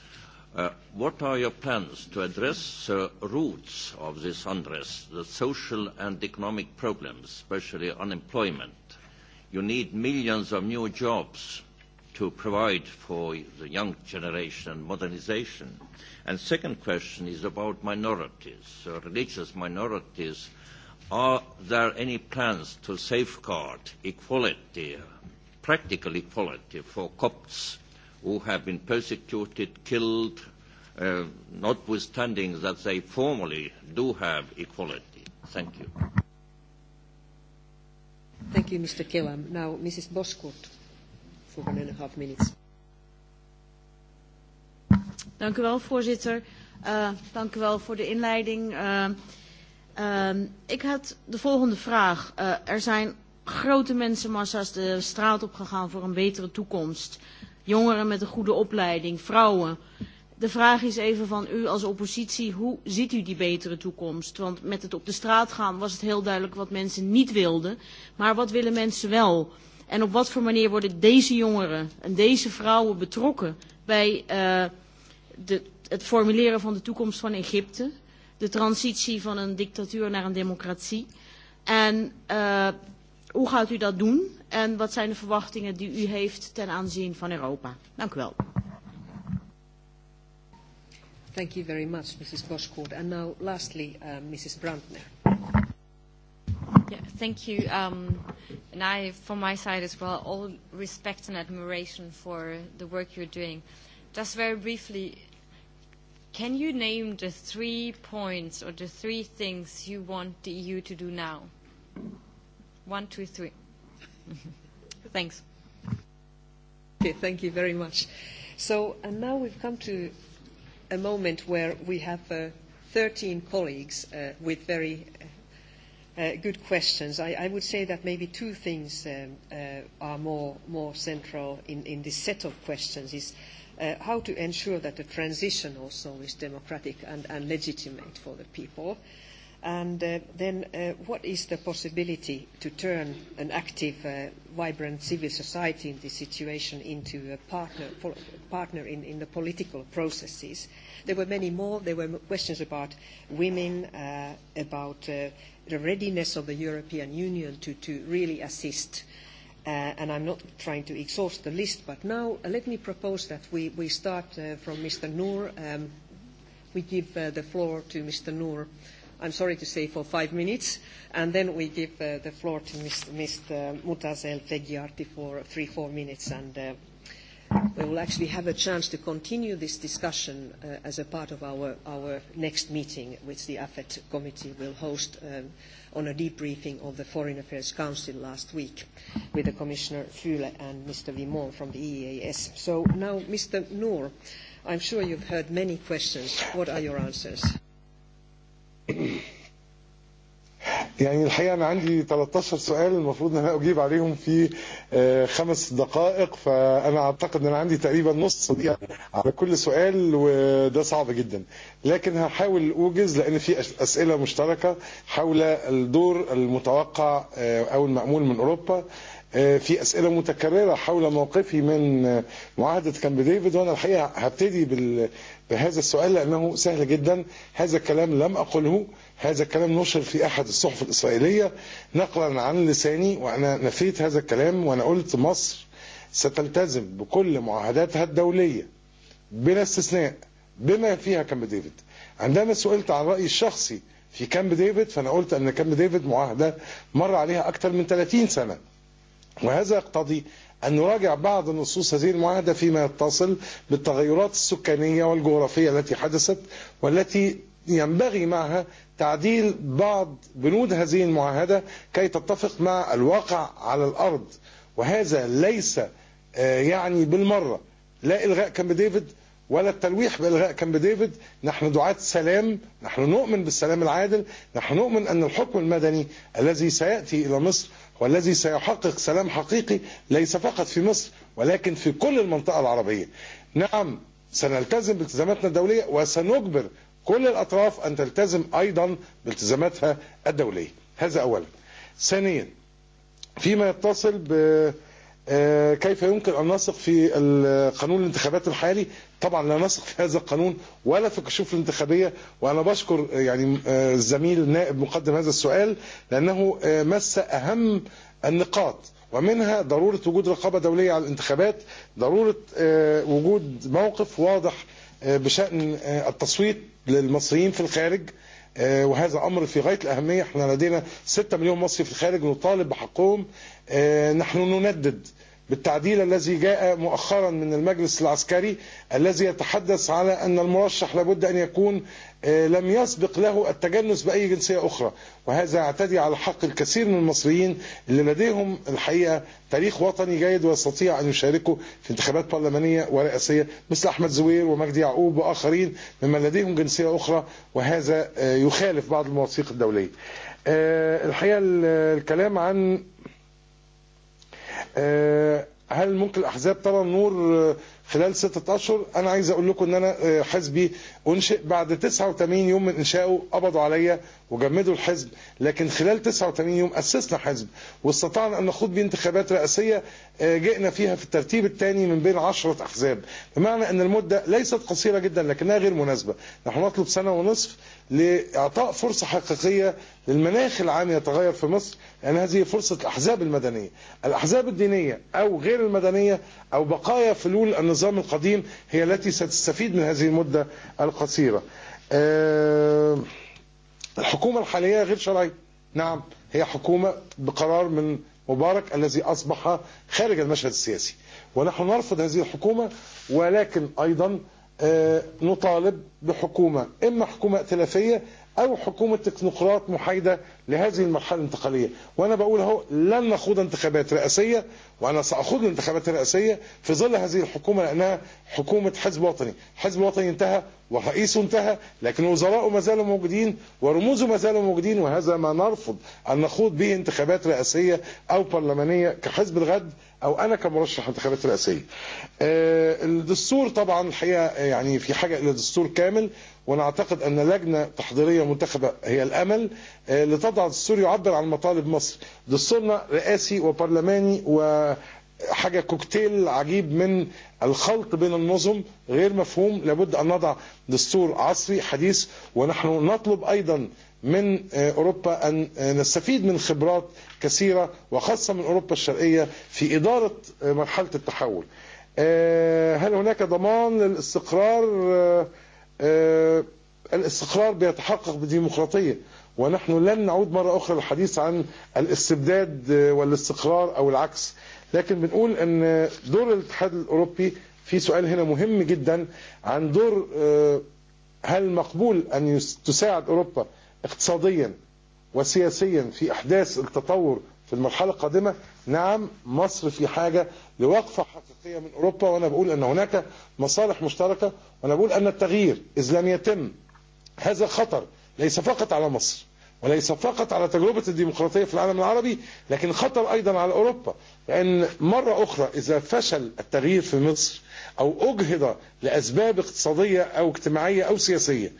what are your plans to address the roots of this unrest, the social and economic problems, especially unemployment? You need millions of new jobs to provide for the young generation and modernization. And second question is about minorities, religious minorities. Are there any plans to safeguard equality, practical equality for Copts who have been persecuted, killed, notwithstanding that they formally do have equality? Thank you. Dank u wel, voorzitter. Dank u wel voor de inleiding. Ik had de volgende vraag. Er zijn grote mensenmassa's de straat opgegaan voor een betere toekomst. Jongeren met een goede opleiding, vrouwen. De vraag is even van u als oppositie, hoe ziet u die betere toekomst? Want met het op de straat gaan was het heel duidelijk wat mensen niet wilden. Maar wat willen mensen wel? En op wat voor manier worden deze jongeren en deze vrouwen betrokken bij het formuleren van de toekomst van Egypte? De transitie van een dictatuur naar een democratie? En hoe gaat u dat doen? En wat zijn de verwachtingen die u heeft ten aanzien van Europa? Dank u wel. Thank you very much, Mrs. Goshcourt. And now, lastly, Mrs. Brandner. Thank you. And I, for my side as well, all respect and admiration for the work you're doing. Just very briefly, can you name the three points or the three things you want the EU to do now? One, two, three. Thanks. Okay, thank you very much. So, and now we've come to a moment where we have 13 colleagues with very good questions. I would say that maybe two things are more central in this set of questions is how to ensure that the transition also is democratic and legitimate for the people. And then what is the possibility to turn an active, vibrant civil society in this situation into a partner in the political processes There were many more. There were questions about women, about the readiness of the European Union to really assist. And I'm not trying to exhaust the list, but now let me propose that we start from Mr. Noor. We give the floor to Mr. Noor. I'm sorry to say for five minutes, and then we give the floor to Mr. Mutazel Fegiarti for three, four minutes, and we will actually have a chance to continue this discussion as a part of our next meeting, which the AFET committee will host on a debriefing of the Foreign Affairs Council last week with the Commissioner Füle and Mr. Vimon from the EEAS. So now, Mr. Noor, I'm sure you've heard many questions. What are your answers? يعني الحقيقة أنا عندي 13 سؤال المفروض أن أنا أجيب عليهم في خمس دقائق فأنا أعتقد أن أنا عندي تقريبا نص دقيقه على كل سؤال وده صعب جدا لكن هحاول أوجز لأن في أسئلة مشتركة حول الدور المتوقع أو المأمول من أوروبا في أسئلة متكررة حول موقفي من معاهدة كامب ديفيد وأنا الحقيقة هبتدي بهذا السؤال لأنه سهل جدا هذا الكلام لم أقله هذا الكلام نشر في أحد الصحف الإسرائيلية نقلا عن لساني وأنا نفيت هذا الكلام وأنا قلت مصر ستلتزم بكل معاهداتها الدولية بلا استثناء بما فيها كامب ديفيد عندما سئلت عن رأيي الشخصي في كامب ديفيد فأنا قلت أن كامب ديفيد معاهدة مر عليها أكثر من 30 سنة وهذا يقتضي أن نراجع بعض نصوص هذه المعاهدة فيما يتصل بالتغيرات السكانية والجغرافية التي حدثت والتي ينبغي معها تعديل بعض بنود هذه المعاهدة كي تتفق مع الواقع على الأرض وهذا ليس يعني بالمرة لا إلغاء كامب ديفيد ولا التلويح بإلغاء كامب ديفيد نحن دعاة سلام نحن نؤمن بالسلام العادل نحن نؤمن أن الحكم المدني الذي سيأتي إلى مصر والذي سيحقق سلام حقيقي ليس فقط في مصر ولكن في كل المنطقة العربية نعم سنلتزم بالتزاماتنا الدولية وسنجبر كل الأطراف أن تلتزم أيضا بالتزاماتها الدولية هذا أولا ثانيا فيما يتصل ب كيف يمكن أن نثق في قانون الانتخابات الحالي طبعا لا نثق في هذا القانون ولا في الكشوف الانتخابية وأنا بشكر يعني الزميل نائب مقدم هذا السؤال لأنه مس أهم النقاط ومنها ضرورة وجود رقابة دولية على الانتخابات ضرورة وجود موقف واضح بشأن التصويت للمصريين في الخارج وهذا أمر في غاية الأهمية احنا لدينا 6 مليون مصري في الخارج نطالب بحقهم نحن نندد بالتعديل الذي جاء مؤخرا من المجلس العسكري الذي يتحدث على أن المرشح لابد أن يكون لم يسبق له التجنس بأي جنسيه أخرى وهذا يعتدي على حق الكثير من المصريين اللي لديهم الحقيقه تاريخ وطني جيد ويستطيع أن يشاركوا في انتخابات برلمانيه ورئاسيه مثل أحمد زوير ومجدي يعقوب وآخرين ممن لديهم جنسيه أخرى وهذا يخالف بعض المواثيق الدوليه. الحقيقة الكلام عن هل ممكن الاحزاب ترى النور خلال ستة اشهر انا عايز اقول لكم ان انا حزبي أنشئ بعد 89 يوم من إنشائه قبضوا عليا وجمدوا الحزب لكن خلال 89 يوم أسسنا حزب واستطعنا أن نخوض بانتخابات رئاسيه جئنا فيها في الترتيب الثاني من بين 10 أحزاب بمعنى أن المده ليست قصيره جدا لكنها غير مناسبه نحن نطلب سنه ونصف لإعطاء فرصه حقيقيه للمناخ العام يتغير في مصر لأن هذه فرصه الأحزاب المدنيه الأحزاب الدينيه أو غير المدنيه أو بقايا فلول النظام القديم هي التي ستستفيد من هذه المده القصيرة الحكومة الحالية غير شرعية نعم هي حكومة بقرار من مبارك الذي أصبح خارج المشهد السياسي ونحن نرفض هذه الحكومة ولكن أيضا نطالب بحكومة إما حكومة ائتلافية أو حكومة تكنوقراط محايدة لهذه المرحلة الانتقالية وأنا بقول أهو لن نخوض انتخابات رئاسية وأنا سأخوض الانتخابات الرئاسية في ظل هذه الحكومة لأنها حكومة حزب وطني حزب وطني انتهى ورئيسه انتهى لكن وزراءه ما زالوا موجودين ورموزه ما زالوا موجودين وهذا ما نرفض أن نخوض به انتخابات رئاسية أو برلمانية كحزب الغد أو أنا كمرشح انتخابات رئاسية الدستور طبعا الحقيقة يعني في حاجة إلى دستور كامل ونعتقد أن لجنة تحضيرية منتخبة هي الأمل لطبع الوضع السوري يعبر عن مطالب مصر دستورنا رئاسي وبرلماني و حاجه كوكتيل عجيب من الخلط بين النظم غير مفهوم لابد ان نضع دستور عصري حديث ونحن نطلب ايضا من اوروبا ان نستفيد من خبرات كثيره وخاصه من اوروبا الشرقيه في اداره مرحله التحول. هل هناك ضمان للاستقرار؟ الاستقرار بيتحقق بديمقراطيه ونحن لن نعود مرة أخرى للحديث عن الاستبداد والاستقرار أو العكس لكن بنقول أن دور الاتحاد الأوروبي في سؤال هنا مهم جدا عن دور هل مقبول أن تساعد أوروبا اقتصاديا وسياسيا في أحداث التطور في المرحلة القادمة نعم مصر في حاجة لوقفة حقيقية من أوروبا وأنا بقول أن هناك مصالح مشتركة وأنا بقول أن التغيير إذ لم يتم هذا خطر ليس فقط على مصر وليس فقط على تجربة الديمقراطية في العالم العربي لكن خطر أيضا على أوروبا لأن مرة أخرى إذا فشل التغيير في مصر أو أجهض لأسباب اقتصادية أو اجتماعية أو سياسية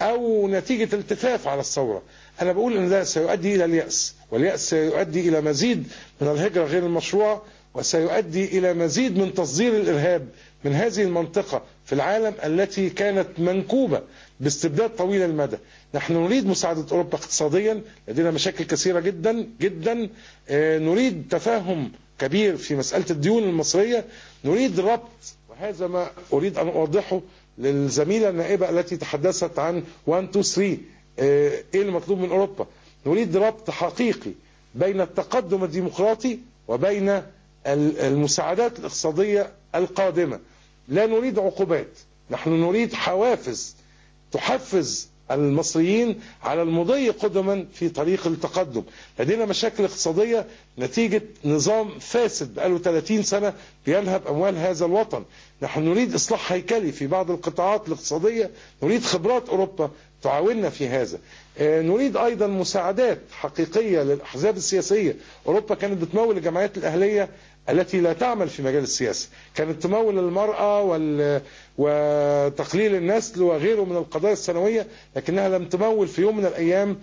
أو نتيجة التفاف على الثورة أنا بقول أن ده سيؤدي إلى اليأس واليأس سيؤدي إلى مزيد من الهجرة غير المشروعة وسيؤدي إلى مزيد من تصدير الإرهاب من هذه المنطقة في العالم التي كانت منكوبة باستبداد طويل المدى نحن نريد مساعدة أوروبا اقتصاديا لدينا مشاكل كثيرة جدا جدا نريد تفاهم كبير في مسألة الديون المصرية نريد ربط وهذا ما أريد أن أوضحه للزميلة النائبة التي تحدثت عن 1 2 3 إيه المطلوب من أوروبا نريد ربط حقيقي بين التقدم الديمقراطي وبين المساعدات الاقتصادية القادمة لا نريد عقوبات نحن نريد حوافز تحفز المصريين على المضي قدما في طريق التقدم لدينا مشاكل اقتصادية نتيجة نظام فاسد بقاله 30 سنة بينهب أموال هذا الوطن نحن نريد إصلاح هيكلي في بعض القطاعات الاقتصادية نريد خبرات أوروبا تعاوننا في هذا نريد أيضا مساعدات حقيقية للأحزاب السياسية أوروبا كانت بتمول الجمعيات الأهلية التي لا تعمل في مجال السياسه، كانت تمول المراه وال... وتقليل النسل وغيره من القضايا الثانويه، لكنها لم تمول في يوم من الأيام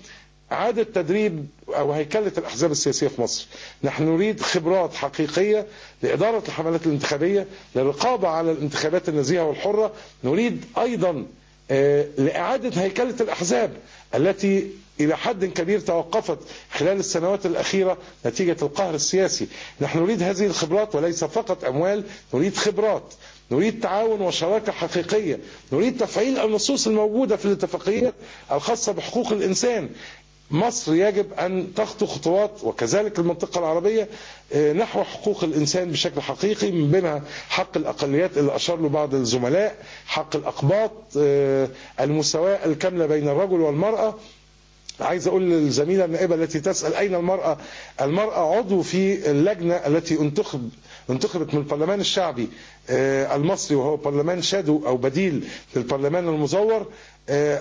اعاده تدريب أو هيكله الأحزاب السياسيه في مصر نحن نريد خبرات حقيقيه لاداره الحملات الانتخابيه، للرقابه على الانتخابات النزيهه والحرة نريد أيضا لإعادة هيكلة الأحزاب التي إلى حد كبير توقفت خلال السنوات الأخيرة نتيجة القهر السياسي نحن نريد هذه الخبرات وليس فقط أموال نريد خبرات نريد تعاون وشراكة حقيقية نريد تفعيل النصوص الموجودة في الاتفاقيات الخاصة بحقوق الإنسان مصر يجب أن تخطو خطوات وكذلك المنطقة العربية نحو حقوق الإنسان بشكل حقيقي من بينها حق الأقليات اللي أشار له بعض الزملاء حق الأقباط المساواة الكاملة بين الرجل والمرأة عايز اقول للزميله النائبه التي تسال اين المراه؟ المراه عضو في اللجنه التي انتخب انتخبت من البرلمان الشعبي المصري وهو برلمان شادو او بديل للبرلمان المزور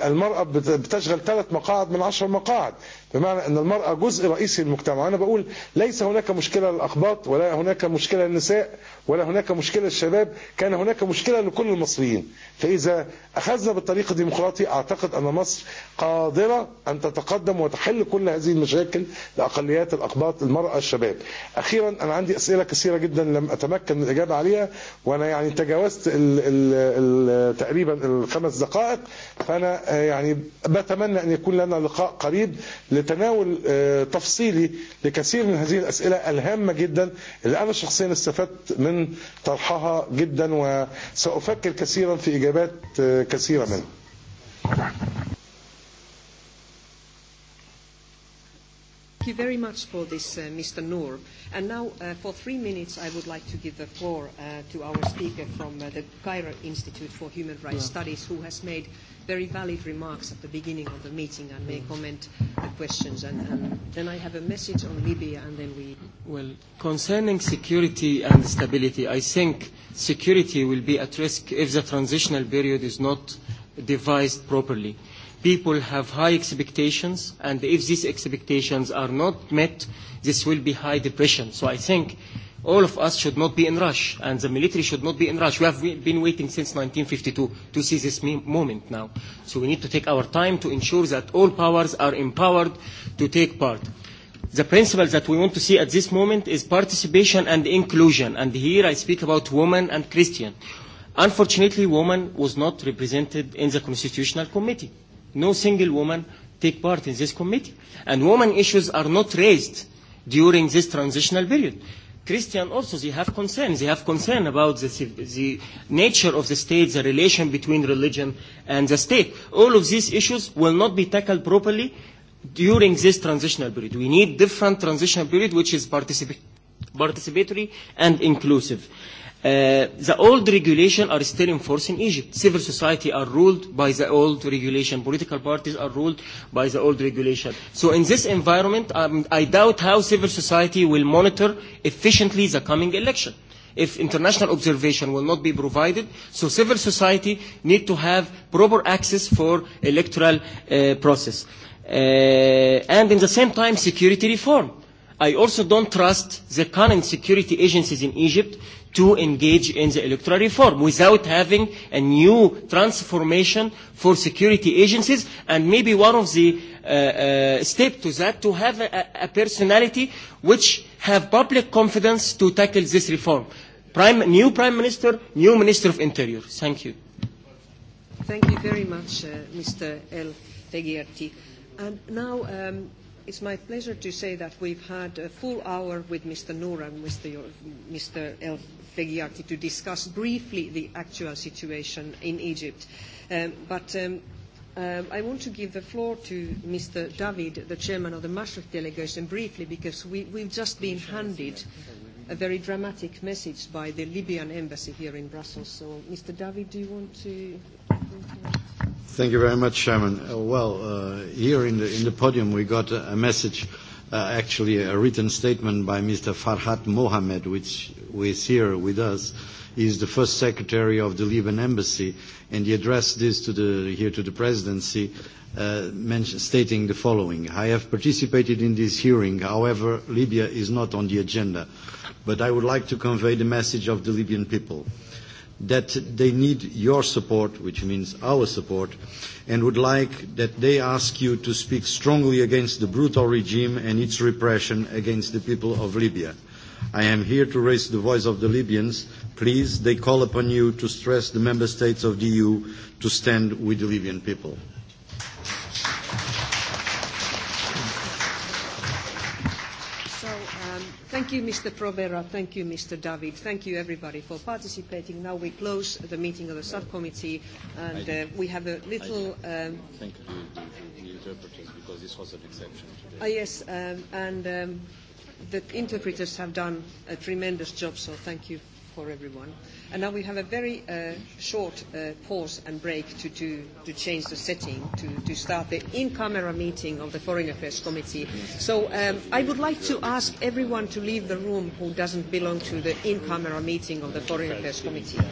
المرأة بتشغل ثلاث مقاعد من عشر مقاعد بمعنى أن المرأة جزء رئيسي المجتمع أنا بقول ليس هناك مشكلة للأخباط ولا هناك مشكلة للنساء ولا هناك مشكلة للشباب كان هناك مشكلة لكل المصريين فإذا أخذنا بالطريق الديمقراطي أعتقد أن مصر قادرة أن تتقدم وتحل كل هذه المشاكل لأقليات الأقباط المرأة الشباب أخيرا أنا عندي أسئلة كثيرة جدا لم أتمكن من الإجابة عليها وأنا يعني تجاوزت ال ال تقريبا الخمس دقائق فأنا يعني بتمنى أن يكون لنا لقاء قريب لتناول تفصيلي لكثير من هذه الأسئلة الهامة جدا اللي أنا شخصيا استفدت من طرحها جدا وسأفكر كثيرا في إجابات كثيرة منها Thank you very much for this, Mr. Noor. And now, for three minutes, I would like to give the floor to our speaker from the Cairo Institute for Human Rights Studies, who has made very valid remarks at the beginning of the meeting and may comment the questions. And then I have a message on Libya, and then we. Well, concerning security and stability, I think security will be at risk if the transitional period is not devised properly people have high expectations, and if these expectations are not met, this will be high depression. So I think all of us should not be in rush, and the military should not be in rush. We have been waiting since 1952 to see this moment now. So we need to take our time to ensure that all powers are empowered to take part. The principle that we want to see at this moment is participation and inclusion, and here I speak about women and Christian. Unfortunately, women was not represented in the Constitutional Committee No single woman take part in this committee. And women issues are not raised during this transitional period. Christian also, they have concerns. They have concern about the nature of the state, the relation between religion and the state. All of these issues will not be tackled properly during this transitional period. We need different transitional period which is participatory and inclusive. The old regulation are still in force in Egypt. Civil society are ruled by the old regulation. Political parties are ruled by the old regulation. So in this environment, I doubt how civil society will monitor efficiently the coming election. If international observation will not be provided, so civil society need to have proper access for electoral process. And in the same time, security reform. I also don't trust the current security agencies in Egypt to engage in the electoral reform without having a new transformation for security agencies and maybe one of the steps to that to have a personality which have public confidence to tackle this reform. New Prime Minister, new Minister of Interior. Thank you. Thank you very much, Mr. El Tegierti. And now It's my pleasure to say that we've had a full hour with Mr. Noura and Mr. El Fegiati to discuss briefly the actual situation in Egypt. But I want to give the floor to Mr. David, the chairman of the Maastricht delegation, briefly, because we've just been handed a very dramatic message by the Libyan embassy here in Brussels. So, Mr. David, do you want to? Thank you very much, Chairman. Well, here in the in the podium we got a message, actually a written statement by Mr. Farhat Mohamed, which is here with us. He is the first secretary of the Libyan Embassy, and he addressed this to the here to the Presidency, stating the following: I have participated in this hearing. However, Libya is not on the agenda, but I would like to convey the message of the Libyan people that they need your support, which means our support, and would like that they ask you to speak strongly against the brutal regime and its repression against the people of Libya. I am here to raise the voice of the Libyans. Please, they call upon you to stress the member states of the EU to stand with the Libyan people. Thank you, Mr. Provera. Thank you, Mr. David. Thank you, everybody, for participating. Now we close the meeting of the subcommittee, and we have a little. Thank you, the interpreters, because this was an exception today. Yes, and the interpreters have done a tremendous job, so thank you for everyone. And now we have a very short pause and break to to change the setting, to start the in-camera meeting of the Foreign Affairs Committee. So I would like to ask everyone to leave the room who doesn't belong to the in-camera meeting of the Foreign Affairs Committee.